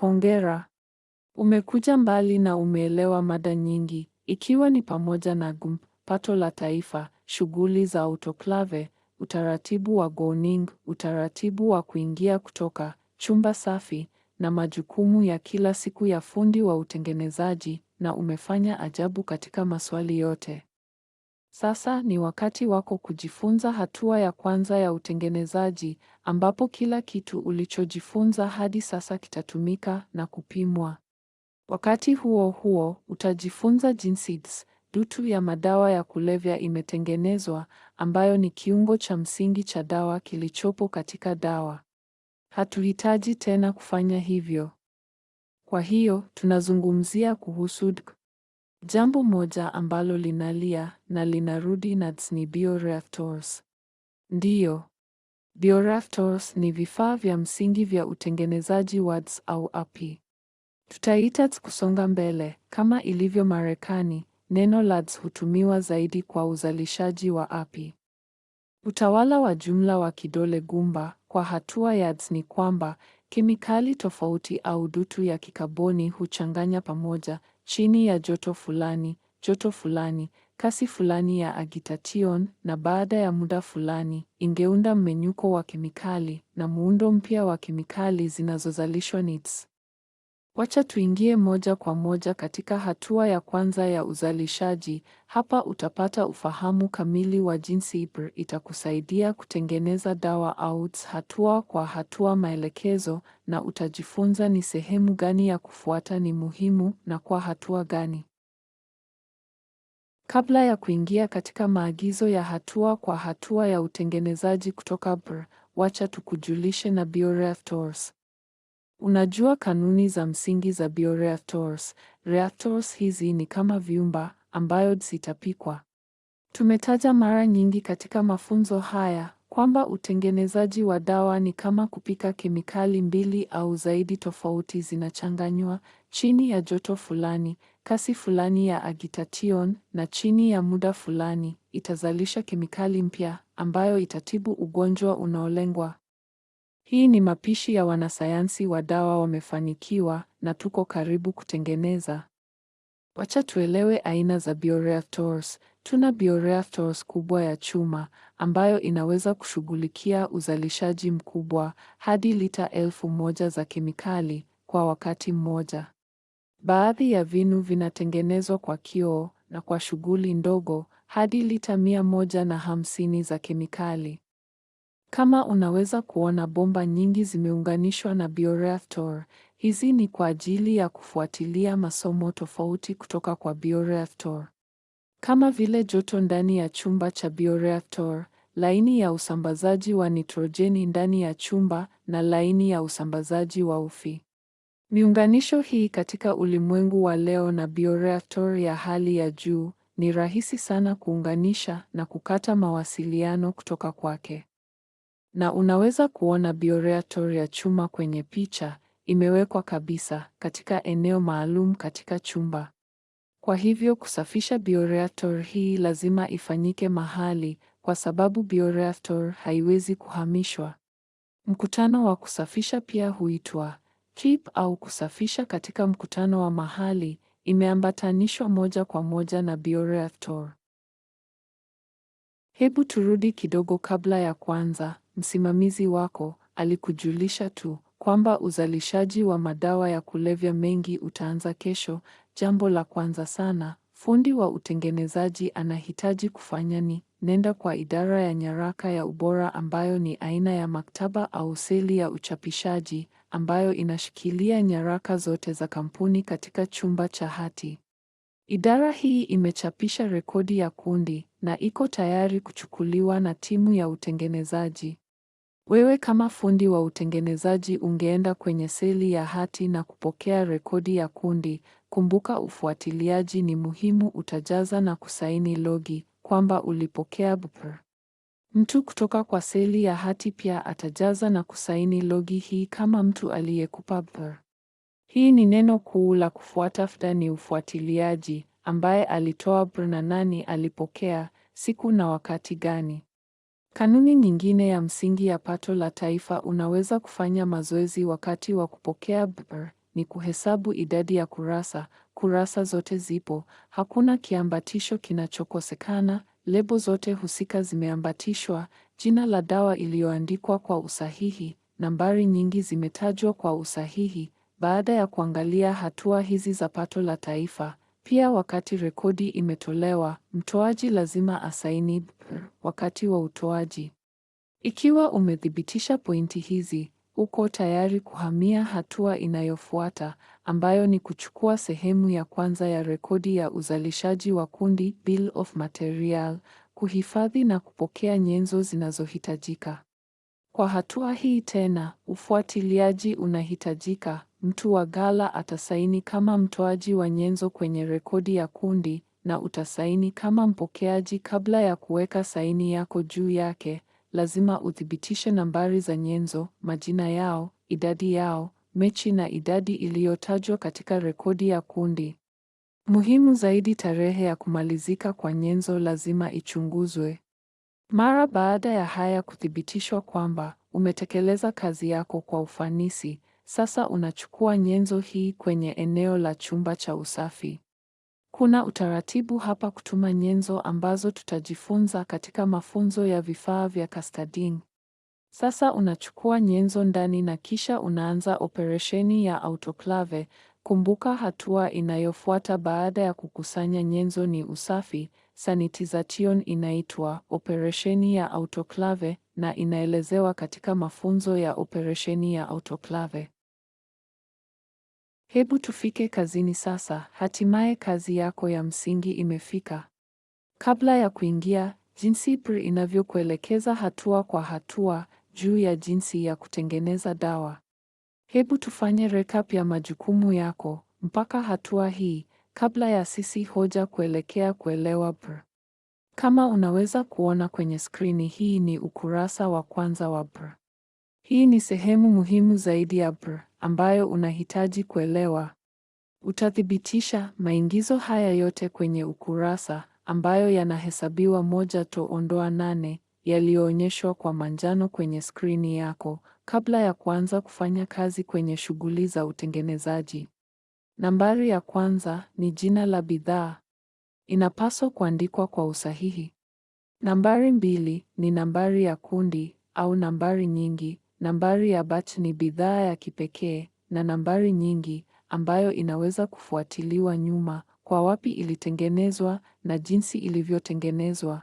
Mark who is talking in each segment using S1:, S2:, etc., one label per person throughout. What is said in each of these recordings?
S1: Hongera. Umekuja mbali na umeelewa mada nyingi, ikiwa ni pamoja na GMP, pato la taifa, shughuli za autoclave utaratibu wa Gowning, utaratibu wa kuingia kutoka, chumba safi na majukumu ya kila siku ya fundi wa utengenezaji, na umefanya ajabu katika maswali yote. Sasa ni wakati wako kujifunza hatua ya kwanza ya utengenezaji, ambapo kila kitu ulichojifunza hadi sasa kitatumika na kupimwa. Wakati huo huo, utajifunza jinsi dutu ya madawa ya kulevya imetengenezwa, ambayo ni kiungo cha msingi cha dawa kilichopo katika dawa. Hatuhitaji tena kufanya hivyo. Kwa hiyo tunazungumzia kuhusu DK. Jambo moja ambalo linalia na linarudi NADS ni bioreactors. Ndiyo, bioreactors ni vifaa vya msingi vya utengenezaji WADS au API. Tutaita kusonga mbele. Kama ilivyo Marekani, neno LADS hutumiwa zaidi kwa uzalishaji wa API. Utawala wa jumla wa kidole gumba kwa hatua ya ADS ni kwamba kemikali tofauti au dutu ya kikaboni huchanganya pamoja chini ya joto fulani, joto fulani, kasi fulani ya agitation, na baada ya muda fulani ingeunda mmenyuko wa kemikali na muundo mpya wa kemikali zinazozalishwa NITS. Wacha tuingie moja kwa moja katika hatua ya kwanza ya uzalishaji. Hapa utapata ufahamu kamili wa jinsi IPR itakusaidia kutengeneza dawa AUTS hatua kwa hatua, maelekezo na utajifunza ni sehemu gani ya kufuata ni muhimu na kwa hatua gani. Kabla ya kuingia katika maagizo ya hatua kwa hatua ya utengenezaji kutoka br wacha tukujulishe na Bioreactors. Unajua kanuni za msingi za bioreactors. Reactors hizi ni kama vyumba ambayo zitapikwa. Tumetaja mara nyingi katika mafunzo haya kwamba utengenezaji wa dawa ni kama kupika kemikali mbili au zaidi tofauti zinachanganywa chini ya joto fulani, kasi fulani ya agitation na chini ya muda fulani, itazalisha kemikali mpya ambayo itatibu ugonjwa unaolengwa. Hii ni mapishi ya wanasayansi wa dawa wamefanikiwa na tuko karibu kutengeneza. Wacha tuelewe aina za bioreactors. Tuna bioreactors kubwa ya chuma ambayo inaweza kushughulikia uzalishaji mkubwa hadi lita elfu moja za kemikali kwa wakati mmoja. Baadhi ya vinu vinatengenezwa kwa kioo na kwa shughuli ndogo hadi lita mia moja na hamsini za kemikali. Kama unaweza kuona, bomba nyingi zimeunganishwa na bioreactor. Hizi ni kwa ajili ya kufuatilia masomo tofauti kutoka kwa bioreactor, kama vile joto ndani ya chumba cha bioreactor, laini ya usambazaji wa nitrojeni ndani ya chumba na laini ya usambazaji wa ufi. Miunganisho hii katika ulimwengu wa leo na bioreactor ya hali ya juu ni rahisi sana kuunganisha na kukata mawasiliano kutoka kwake na unaweza kuona bioreactor ya chuma kwenye picha, imewekwa kabisa katika eneo maalum katika chumba. Kwa hivyo kusafisha bioreactor hii lazima ifanyike mahali, kwa sababu bioreactor haiwezi kuhamishwa. Mkutano wa kusafisha pia huitwa keep au kusafisha katika mkutano wa mahali, imeambatanishwa moja kwa moja na bioreactor. Hebu turudi kidogo kabla ya kwanza msimamizi wako alikujulisha tu kwamba uzalishaji wa madawa ya kulevya mengi utaanza kesho, jambo la kwanza sana fundi wa utengenezaji anahitaji kufanya ni nenda kwa idara ya nyaraka ya ubora, ambayo ni aina ya maktaba au seli ya uchapishaji ambayo inashikilia nyaraka zote za kampuni katika chumba cha hati. Idara hii imechapisha rekodi ya kundi na iko tayari kuchukuliwa na timu ya utengenezaji. Wewe kama fundi wa utengenezaji ungeenda kwenye seli ya hati na kupokea rekodi ya kundi. Kumbuka, ufuatiliaji ni muhimu. Utajaza na kusaini logi kwamba ulipokea BPR. Mtu kutoka kwa seli ya hati pia atajaza na kusaini logi hii kama mtu aliyekupa BPR. Hii ni neno kuu la kufuata. FDA ni ufuatiliaji ambaye alitoa br na nani alipokea, siku na wakati gani. Kanuni nyingine ya msingi ya pato la taifa unaweza kufanya mazoezi wakati wa kupokea br ni kuhesabu idadi ya kurasa. Kurasa zote zipo, hakuna kiambatisho kinachokosekana, lebo zote husika zimeambatishwa, jina la dawa iliyoandikwa kwa usahihi, nambari nyingi zimetajwa kwa usahihi. Baada ya kuangalia hatua hizi za pato la taifa, pia wakati rekodi imetolewa, mtoaji lazima asaini wakati wa utoaji. Ikiwa umethibitisha pointi hizi, uko tayari kuhamia hatua inayofuata ambayo ni kuchukua sehemu ya kwanza ya rekodi ya uzalishaji wa kundi, bill of material, kuhifadhi na kupokea nyenzo zinazohitajika. Kwa hatua hii tena, ufuatiliaji unahitajika. Mtu wa ghala atasaini kama mtoaji wa nyenzo kwenye rekodi ya kundi na utasaini kama mpokeaji kabla ya kuweka saini yako juu yake. Lazima uthibitishe nambari za nyenzo, majina yao, idadi yao, mechi na idadi iliyotajwa katika rekodi ya kundi. Muhimu zaidi, tarehe ya kumalizika kwa nyenzo lazima ichunguzwe. Mara baada ya haya kuthibitishwa kwamba umetekeleza kazi yako kwa ufanisi, sasa unachukua nyenzo hii kwenye eneo la chumba cha usafi. Kuna utaratibu hapa kutuma nyenzo ambazo tutajifunza katika mafunzo ya vifaa vya custarding. Sasa unachukua nyenzo ndani na kisha unaanza operesheni ya autoclave. Kumbuka, hatua inayofuata baada ya kukusanya nyenzo ni usafi, Sanitization inaitwa operesheni ya autoclave na inaelezewa katika mafunzo ya operesheni ya autoclave. Hebu tufike kazini sasa. Hatimaye kazi yako ya msingi imefika. Kabla ya kuingia, jinsi PRI inavyokuelekeza hatua kwa hatua juu ya jinsi ya kutengeneza dawa. Hebu tufanye recap ya majukumu yako mpaka hatua hii kabla ya sisi hoja kuelekea kuelewa BR. Kama unaweza kuona kwenye skrini hii ni ukurasa wa kwanza wa BR. Hii ni sehemu muhimu zaidi ya BR ambayo unahitaji kuelewa. Utathibitisha maingizo haya yote kwenye ukurasa ambayo yanahesabiwa moja to ondoa nane yaliyoonyeshwa kwa manjano kwenye skrini yako kabla ya kuanza kufanya kazi kwenye shughuli za utengenezaji. Nambari ya kwanza ni jina la bidhaa. Inapaswa kuandikwa kwa usahihi. Nambari mbili ni nambari ya kundi au nambari nyingi. Nambari ya batch ni bidhaa ya kipekee na nambari nyingi ambayo inaweza kufuatiliwa nyuma kwa wapi ilitengenezwa na jinsi ilivyotengenezwa.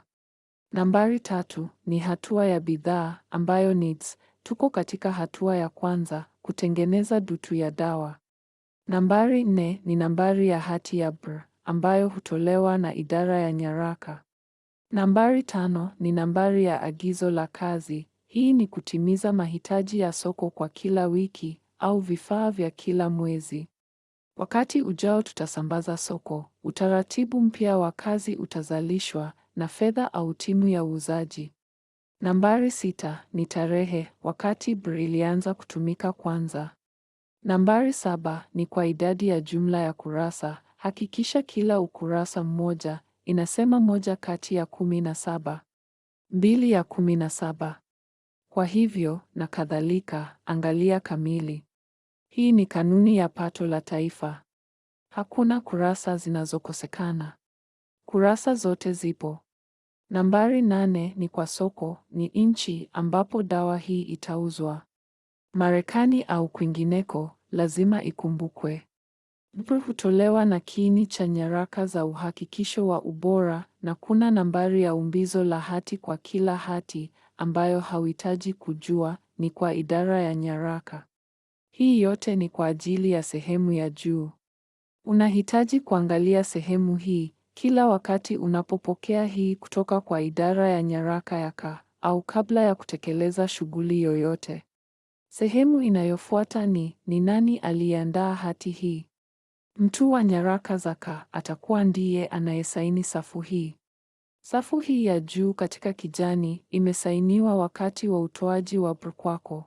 S1: Nambari tatu ni hatua ya bidhaa ambayo needs. Tuko katika hatua ya kwanza kutengeneza dutu ya dawa. Nambari nne ni nambari ya hati ya BR ambayo hutolewa na idara ya nyaraka. Nambari tano ni nambari ya agizo la kazi. Hii ni kutimiza mahitaji ya soko kwa kila wiki au vifaa vya kila mwezi. Wakati ujao tutasambaza soko, utaratibu mpya wa kazi utazalishwa na fedha au timu ya uuzaji. Nambari sita ni tarehe, wakati BR ilianza kutumika kwanza. Nambari saba ni kwa idadi ya jumla ya kurasa. Hakikisha kila ukurasa mmoja inasema moja kati ya kumi na saba, mbili ya kumi na saba, kwa hivyo na kadhalika. Angalia kamili. Hii ni kanuni ya pato la taifa. Hakuna kurasa zinazokosekana. Kurasa zote zipo. Nambari nane ni kwa soko, ni nchi ambapo dawa hii itauzwa. Marekani au kwingineko, lazima ikumbukwe. Mpu hutolewa na kiini cha nyaraka za uhakikisho wa ubora na kuna nambari ya umbizo la hati kwa kila hati ambayo hauhitaji kujua ni kwa idara ya nyaraka. Hii yote ni kwa ajili ya sehemu ya juu. Unahitaji kuangalia sehemu hii kila wakati unapopokea hii kutoka kwa idara ya nyaraka ya ka au kabla ya kutekeleza shughuli yoyote. Sehemu inayofuata ni ni nani aliyeandaa hati hii. Mtu wa nyaraka za atakuwa ndiye anayesaini safu hii. Safu hii ya juu katika kijani imesainiwa wakati wa utoaji wa pr kwako.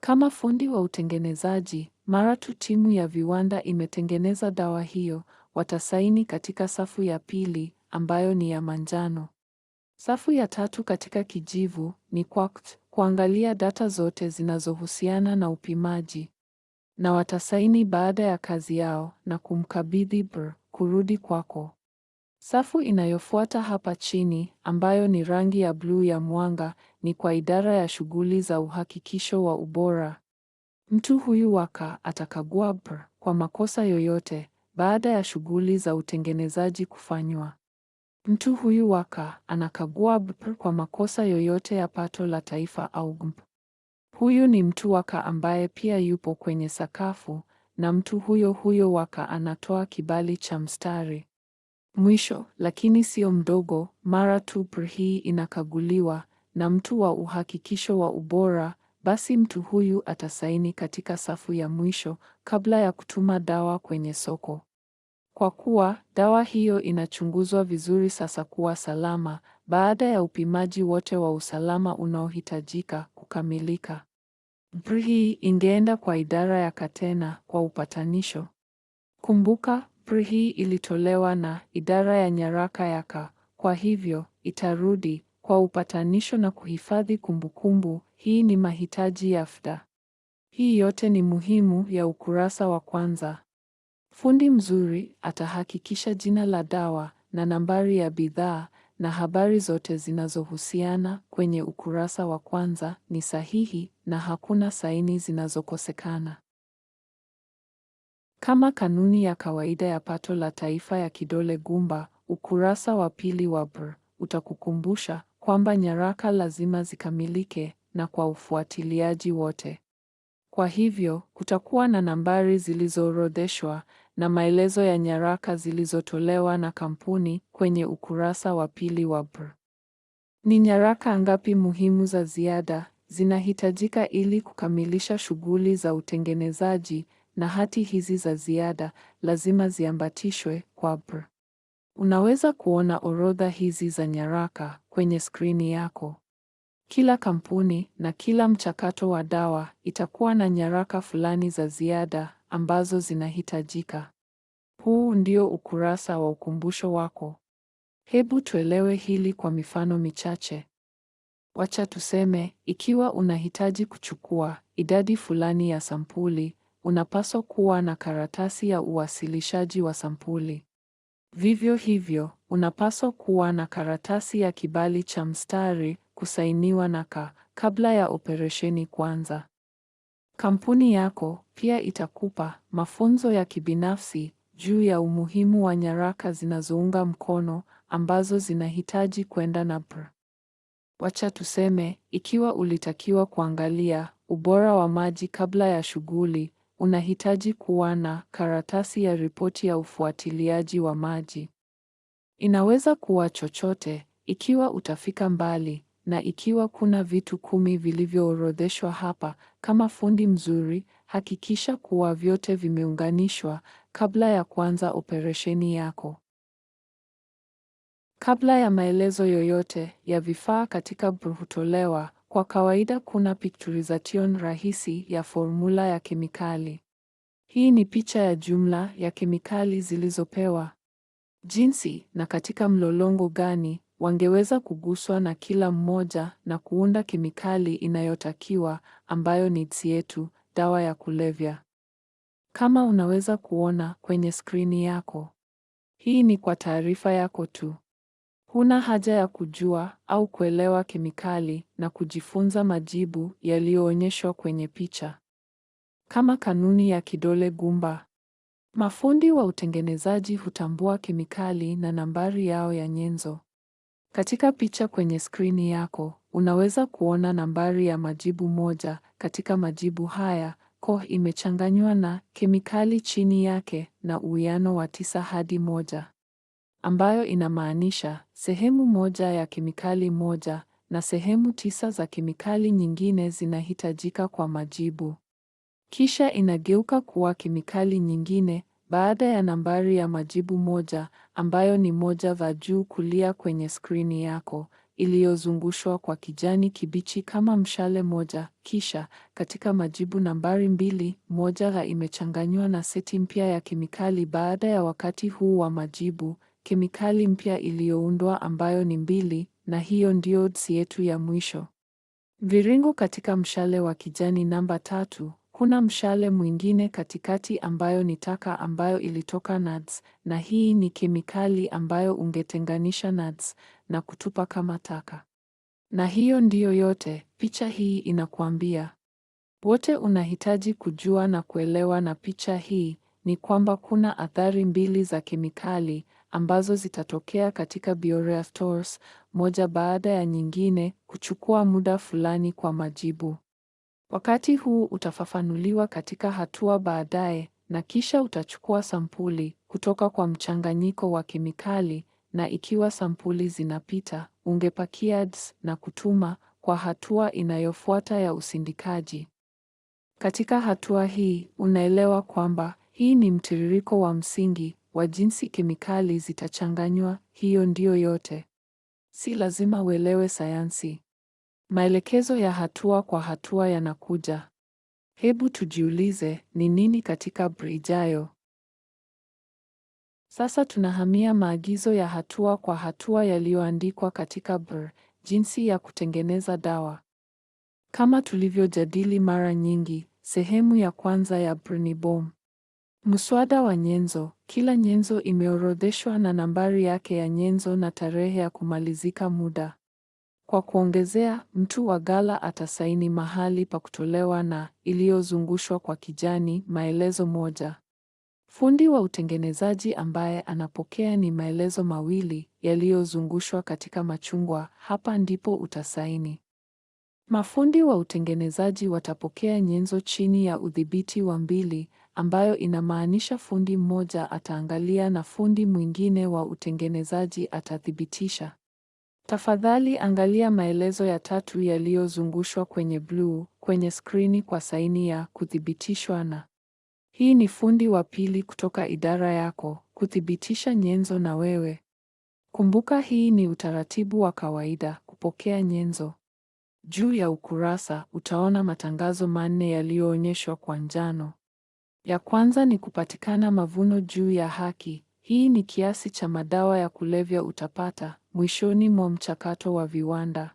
S1: Kama fundi wa utengenezaji, mara tu timu ya viwanda imetengeneza dawa hiyo, watasaini katika safu ya pili ambayo ni ya manjano. Safu ya tatu katika kijivu ni QuAQT kuangalia data zote zinazohusiana na upimaji, na watasaini baada ya kazi yao na kumkabidhi BR kurudi kwako. Safu inayofuata hapa chini ambayo ni rangi ya bluu ya mwanga ni kwa idara ya shughuli za uhakikisho wa ubora. Mtu huyu waka atakagua BR kwa makosa yoyote baada ya shughuli za utengenezaji kufanywa. Mtu huyu waka anakagua GMP kwa makosa yoyote ya pato la taifa au GMP. Huyu ni mtu waka ambaye pia yupo kwenye sakafu na mtu huyo huyo waka anatoa kibali cha mstari. Mwisho, lakini sio mdogo, mara tu GMP hii inakaguliwa na mtu wa uhakikisho wa ubora, basi mtu huyu atasaini katika safu ya mwisho kabla ya kutuma dawa kwenye soko kwa kuwa dawa hiyo inachunguzwa vizuri sasa kuwa salama baada ya upimaji wote wa usalama unaohitajika kukamilika. hii ingeenda kwa idara ya Katena kwa upatanisho. Kumbuka, hii ilitolewa na idara ya nyaraka ya Ka, kwa hivyo itarudi kwa upatanisho na kuhifadhi kumbukumbu. Hii ni mahitaji ya FDA. Hii yote ni muhimu ya ukurasa wa kwanza. Fundi mzuri atahakikisha jina la dawa na nambari ya bidhaa na habari zote zinazohusiana kwenye ukurasa wa kwanza ni sahihi na hakuna saini zinazokosekana. Kama kanuni ya kawaida ya pato la taifa ya kidole gumba, ukurasa wa pili wa BR utakukumbusha kwamba nyaraka lazima zikamilike na kwa ufuatiliaji wote. Kwa hivyo, kutakuwa na nambari zilizoorodheshwa na maelezo ya nyaraka zilizotolewa na kampuni kwenye ukurasa wa pili wa BR. Ni nyaraka ngapi muhimu za ziada zinahitajika ili kukamilisha shughuli za utengenezaji na hati hizi za ziada lazima ziambatishwe kwa BR. Unaweza kuona orodha hizi za nyaraka kwenye skrini yako. Kila kampuni na kila mchakato wa dawa itakuwa na nyaraka fulani za ziada ambazo zinahitajika. Huu ndio ukurasa wa ukumbusho wako. Hebu tuelewe hili kwa mifano michache. Wacha tuseme, ikiwa unahitaji kuchukua idadi fulani ya sampuli, unapaswa kuwa na karatasi ya uwasilishaji wa sampuli. Vivyo hivyo, unapaswa kuwa na karatasi ya kibali cha mstari kusainiwa na ka kabla ya operesheni kuanza. Kampuni yako pia itakupa mafunzo ya kibinafsi juu ya umuhimu wa nyaraka zinazounga mkono ambazo zinahitaji kwenda NAPR. Wacha tuseme, ikiwa ulitakiwa kuangalia ubora wa maji kabla ya shughuli, unahitaji kuwa na karatasi ya ripoti ya ufuatiliaji wa maji. Inaweza kuwa chochote, ikiwa utafika mbali na ikiwa kuna vitu kumi vilivyoorodheshwa hapa, kama fundi mzuri, hakikisha kuwa vyote vimeunganishwa kabla ya kuanza operesheni yako. Kabla ya maelezo yoyote ya vifaa katika BR hutolewa, kwa kawaida kuna picturization rahisi ya formula ya kemikali. Hii ni picha ya jumla ya kemikali zilizopewa, jinsi na katika mlolongo gani wangeweza kuguswa na kila mmoja na kuunda kemikali inayotakiwa ambayo ni tsi yetu, dawa ya kulevya. Kama unaweza kuona kwenye skrini yako, hii ni kwa taarifa yako tu. Huna haja ya kujua au kuelewa kemikali na kujifunza majibu yaliyoonyeshwa kwenye picha. Kama kanuni ya kidole gumba, mafundi wa utengenezaji hutambua kemikali na nambari yao ya nyenzo. Katika picha kwenye skrini yako, unaweza kuona nambari ya majibu moja. Katika majibu haya, Ko imechanganywa na kemikali chini yake na uwiano wa tisa hadi moja, ambayo inamaanisha sehemu moja ya kemikali moja na sehemu tisa za kemikali nyingine zinahitajika kwa majibu. Kisha inageuka kuwa kemikali nyingine baada ya nambari ya majibu moja, ambayo ni moja va juu kulia kwenye skrini yako iliyozungushwa kwa kijani kibichi kama mshale moja, kisha katika majibu nambari mbili, moja ha imechanganywa na seti mpya ya kemikali. Baada ya wakati huu wa majibu, kemikali mpya iliyoundwa ambayo ni mbili, na hiyo ndio odds yetu ya mwisho. viringu katika mshale wa kijani namba tatu kuna mshale mwingine katikati ambayo ni taka ambayo ilitoka NADS, na hii ni kemikali ambayo ungetenganisha NADS na kutupa kama taka. Na hiyo ndiyo yote picha hii inakuambia. Wote unahitaji kujua na kuelewa na picha hii ni kwamba kuna athari mbili za kemikali ambazo zitatokea katika bioreactors moja baada ya nyingine, kuchukua muda fulani kwa majibu. Wakati huu utafafanuliwa katika hatua baadaye na kisha utachukua sampuli kutoka kwa mchanganyiko wa kemikali na ikiwa sampuli zinapita, ungepakia DSS na kutuma kwa hatua inayofuata ya usindikaji. Katika hatua hii, unaelewa kwamba hii ni mtiririko wa msingi wa jinsi kemikali zitachanganywa. Hiyo ndiyo yote. Si lazima uelewe sayansi. Maelekezo ya hatua kwa hatua yanakuja. Hebu tujiulize ni nini katika BR ijayo. Sasa tunahamia maagizo ya hatua kwa hatua yaliyoandikwa katika BR, jinsi ya kutengeneza dawa. Kama tulivyojadili mara nyingi, sehemu ya kwanza ya BR ni BOM. Mswada wa nyenzo. Kila nyenzo imeorodheshwa na nambari yake ya nyenzo na tarehe ya kumalizika muda. Kwa kuongezea, mtu wa ghala atasaini mahali pa kutolewa na iliyozungushwa kwa kijani maelezo moja. Fundi wa utengenezaji ambaye anapokea ni maelezo mawili yaliyozungushwa katika machungwa, hapa ndipo utasaini. Mafundi wa utengenezaji watapokea nyenzo chini ya udhibiti wa mbili, ambayo inamaanisha fundi mmoja ataangalia na fundi mwingine wa utengenezaji atathibitisha. Tafadhali angalia maelezo ya tatu yaliyozungushwa kwenye bluu kwenye skrini kwa saini ya kuthibitishwa na. Hii ni fundi wa pili kutoka idara yako kuthibitisha nyenzo na wewe. Kumbuka hii ni utaratibu wa kawaida kupokea nyenzo. Juu ya ukurasa utaona matangazo manne yaliyoonyeshwa kwa njano. Ya kwanza ni kupatikana mavuno juu ya haki. Hii ni kiasi cha madawa ya kulevya utapata mwishoni mwa mchakato wa viwanda.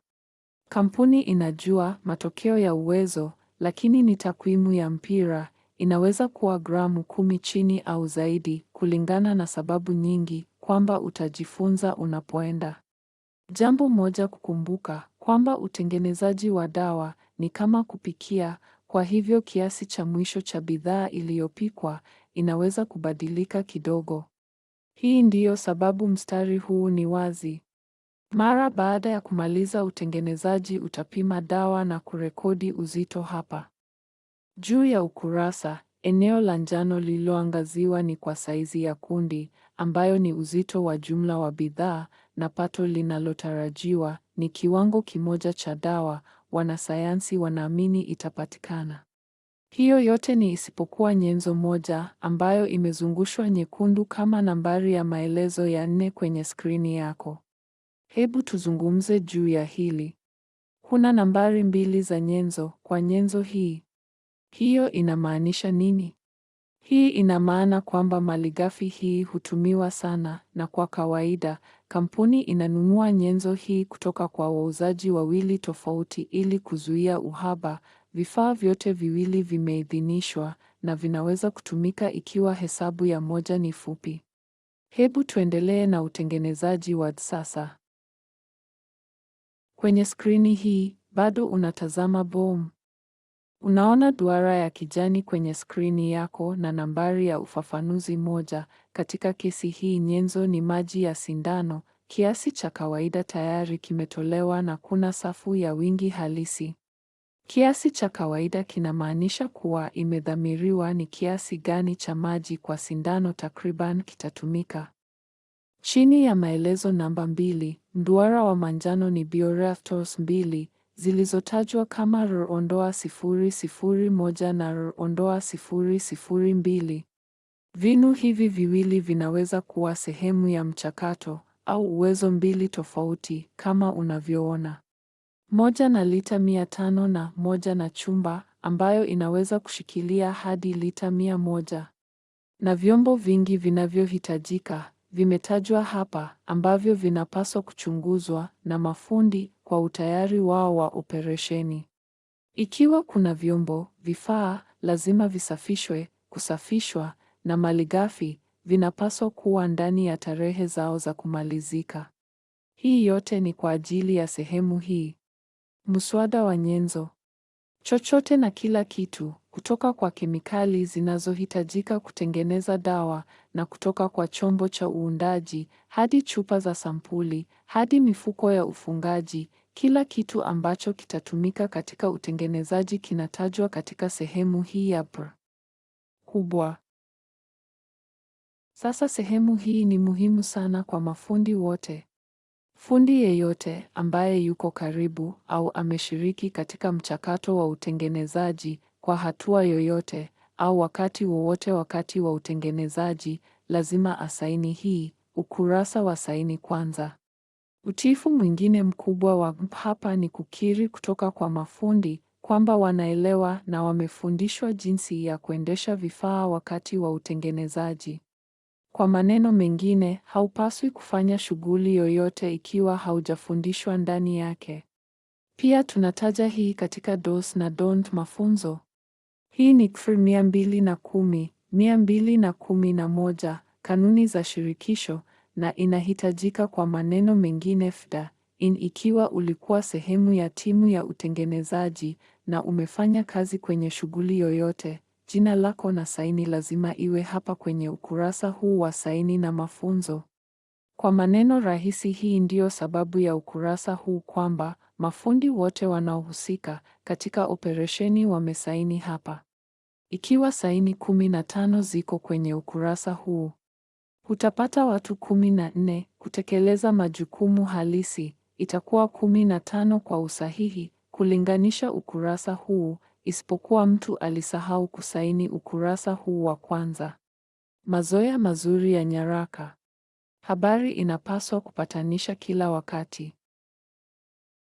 S1: Kampuni inajua matokeo ya uwezo, lakini ni takwimu ya mpira, inaweza kuwa gramu kumi chini au zaidi, kulingana na sababu nyingi, kwamba utajifunza unapoenda. Jambo moja kukumbuka, kwamba utengenezaji wa dawa ni kama kupikia, kwa hivyo kiasi cha mwisho cha bidhaa iliyopikwa inaweza kubadilika kidogo. Hii ndiyo sababu mstari huu ni wazi. Mara baada ya kumaliza utengenezaji, utapima dawa na kurekodi uzito hapa. Juu ya ukurasa, eneo la njano lililoangaziwa ni kwa saizi ya kundi, ambayo ni uzito wa jumla wa bidhaa, na pato linalotarajiwa ni kiwango kimoja cha dawa wanasayansi wanaamini itapatikana. Hiyo yote ni isipokuwa nyenzo moja ambayo imezungushwa nyekundu kama nambari ya maelezo ya nne kwenye skrini yako. Hebu tuzungumze juu ya hili. Kuna nambari mbili za nyenzo kwa nyenzo hii. Hiyo inamaanisha nini? Hii ina maana kwamba malighafi hii hutumiwa sana na kwa kawaida kampuni inanunua nyenzo hii kutoka kwa wauzaji wawili tofauti ili kuzuia uhaba Vifaa vyote viwili vimeidhinishwa na vinaweza kutumika ikiwa hesabu ya moja ni fupi. Hebu tuendelee na utengenezaji wa sasa. Kwenye skrini hii bado unatazama BOM. Unaona duara ya kijani kwenye skrini yako na nambari ya ufafanuzi moja. Katika kesi hii nyenzo ni maji ya sindano. Kiasi cha kawaida tayari kimetolewa na kuna safu ya wingi halisi. Kiasi cha kawaida kinamaanisha kuwa imedhamiriwa ni kiasi gani cha maji kwa sindano takriban kitatumika. Chini ya maelezo namba mbili, mduara wa manjano ni bioreactors mbili zilizotajwa kama sifuri moja na sifuri mbili. Vinu hivi viwili vinaweza kuwa sehemu ya mchakato au uwezo mbili tofauti kama unavyoona moja na lita mia tano na moja na chumba ambayo inaweza kushikilia hadi lita mia moja na vyombo vingi vinavyohitajika vimetajwa hapa ambavyo vinapaswa kuchunguzwa na mafundi kwa utayari wao wa operesheni. Ikiwa kuna vyombo, vifaa lazima visafishwe, kusafishwa na malighafi vinapaswa kuwa ndani ya tarehe zao za kumalizika. Hii yote ni kwa ajili ya sehemu hii. Muswada wa nyenzo: chochote na kila kitu kutoka kwa kemikali zinazohitajika kutengeneza dawa na kutoka kwa chombo cha uundaji hadi chupa za sampuli hadi mifuko ya ufungaji. Kila kitu ambacho kitatumika katika utengenezaji kinatajwa katika sehemu hii ya br kubwa. Sasa sehemu hii ni muhimu sana kwa mafundi wote. Fundi yeyote ambaye yuko karibu au ameshiriki katika mchakato wa utengenezaji kwa hatua yoyote au wakati wowote wakati wa utengenezaji lazima asaini hii ukurasa wa saini kwanza. Utiifu mwingine mkubwa wa hapa ni kukiri kutoka kwa mafundi kwamba wanaelewa na wamefundishwa jinsi ya kuendesha vifaa wakati wa utengenezaji. Kwa maneno mengine, haupaswi kufanya shughuli yoyote ikiwa haujafundishwa ndani yake. Pia tunataja hii katika Do's na Don't mafunzo. Hii ni KFIR mia mbili na kumi, mia mbili na kumi na moja, kanuni za shirikisho na inahitajika kwa maneno mengine FDA in ikiwa ulikuwa sehemu ya timu ya utengenezaji na umefanya kazi kwenye shughuli yoyote Jina lako na saini lazima iwe hapa kwenye ukurasa huu wa saini na mafunzo. Kwa maneno rahisi, hii ndiyo sababu ya ukurasa huu kwamba mafundi wote wanaohusika katika operesheni wamesaini hapa. Ikiwa saini 15 ziko kwenye ukurasa huu, utapata watu 14 kutekeleza majukumu halisi. Itakuwa 15 kwa usahihi kulinganisha ukurasa huu isipokuwa mtu alisahau kusaini ukurasa huu wa kwanza. Mazoea mazuri ya nyaraka. Habari inapaswa kupatanisha kila wakati.